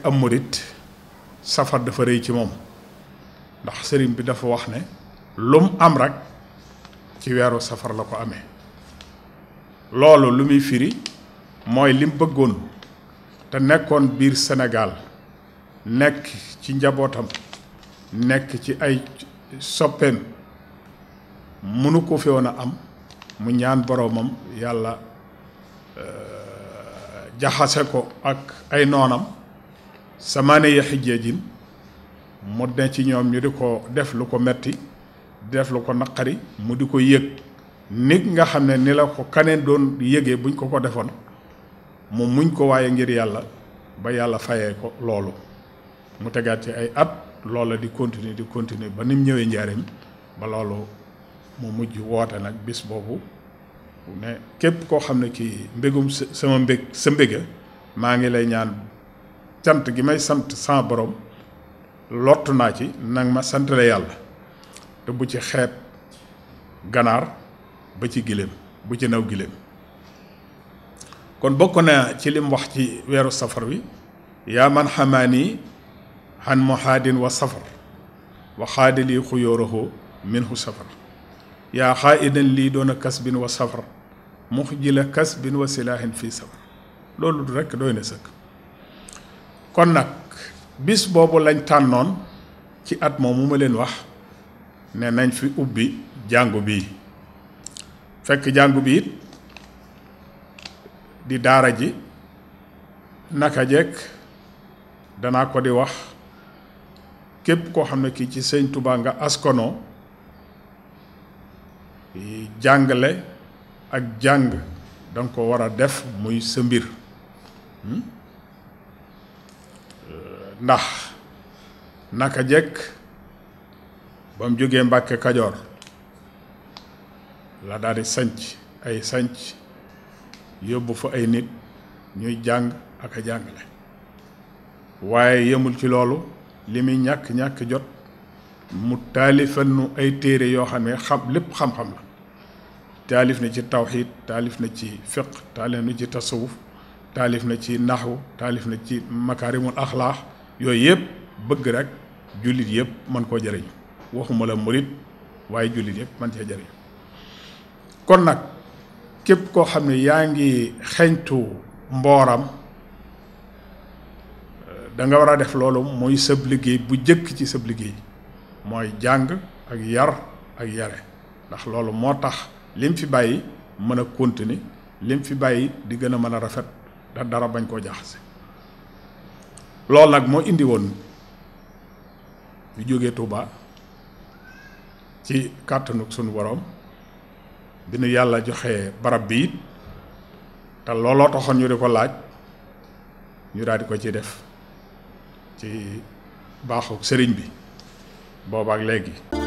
nekk am murit safar dafa rëy ci moom ndax sëriñ bi dafa wax ne lu mu am rek ci weeru safar la ko ame loolu lu muy firi mooy lim bëggoon te nekkoon biir Sénégal nekk ci njabootam nekk ci ay soppeem mënu ko fi woon a am mu ñaan boroomam yàlla euh, jaxase ko ak ay noonam samaane ya xijjeejin mu ne ci ñoom ñu di ko def lu ko metti def lu ko naqari mu di ko yëg nit nga xam ne ni la ko kaneen doon yëgee buñ ko ko defoon mu muñ ko waaye ngir yàlla ba yàlla fayee ko loolu mu tegaat ci ay at loola di continuer di continuer ba nim ñëwee njaarim ba loolu mu mujj woote nag bis boobu ne képp koo xam ne ki mbégum sama mbég sa mbége maa ngi lay ñaan cant gi may sant sama borom lottu naa ci nag ma santale yàlla te bu ci xeeb ganaar ba ci giléem bu ci naw giléem kon bokk na ci lim wax ci weeru safar wi yaa man xamaani xan muhaadin wa safar wa xaadili xuyóorahu minhu safar yaa xaa lii doon a kasbin wa safar mux ji la kasbin wa silaahin fii safar loolu rekk doy na sëkk kon nag bis boobu lañ tànnoon ci at moomu ma leen wax ne nañ fi ubbi jàngu bi fekk jàngu bi it di daara ji naka jekk danaa ko di wax képp koo xam ne kii ci sëñ Tuubaa nga askono jàngale ak jàng danga ko war a def muy sa mbir hmm? ndax naka jekk ba mu jógee Mbàkke Kajoor la daldi di sanc ay sañc yóbbu fa ay nit ñuy jàng ak a jàngale waaye yemul ci loolu li muy ñàkk ñàkk jot mu taalifal nu ay téere yoo xam ne xam lépp xam-xam la taalif na ci tawxiid taalif na ci fiq taalif na ci tasawuf taalif na ci naxwu taalif na ci makaarimul axlaax yooyu yëpp bëgg rek jullit yëpp man koo jëriñ waxuma la murit waaye jullit yëpp man cee jëriñ kon nag képp koo xam ne yaa ngi xeñtu mbooram eh, da nga war a def loolu mooy sëb liggéey bu jëkk ci sëb liggéey mooy jàng ak yar ak yare ndax loolu moo tax lim fi bàyyi mën a continuer lim fi bàyyi di gën a mën a rafet da dara bañ koo jaxase loolu nag moo indi woon ñu jógee Touba ci kàttanu sunu borom bi nu yàlla joxe barab bi it te looloo taxoon ñu di ko laaj ñu daal ko ci def ci baaxu sëriñ bi boobaak léegi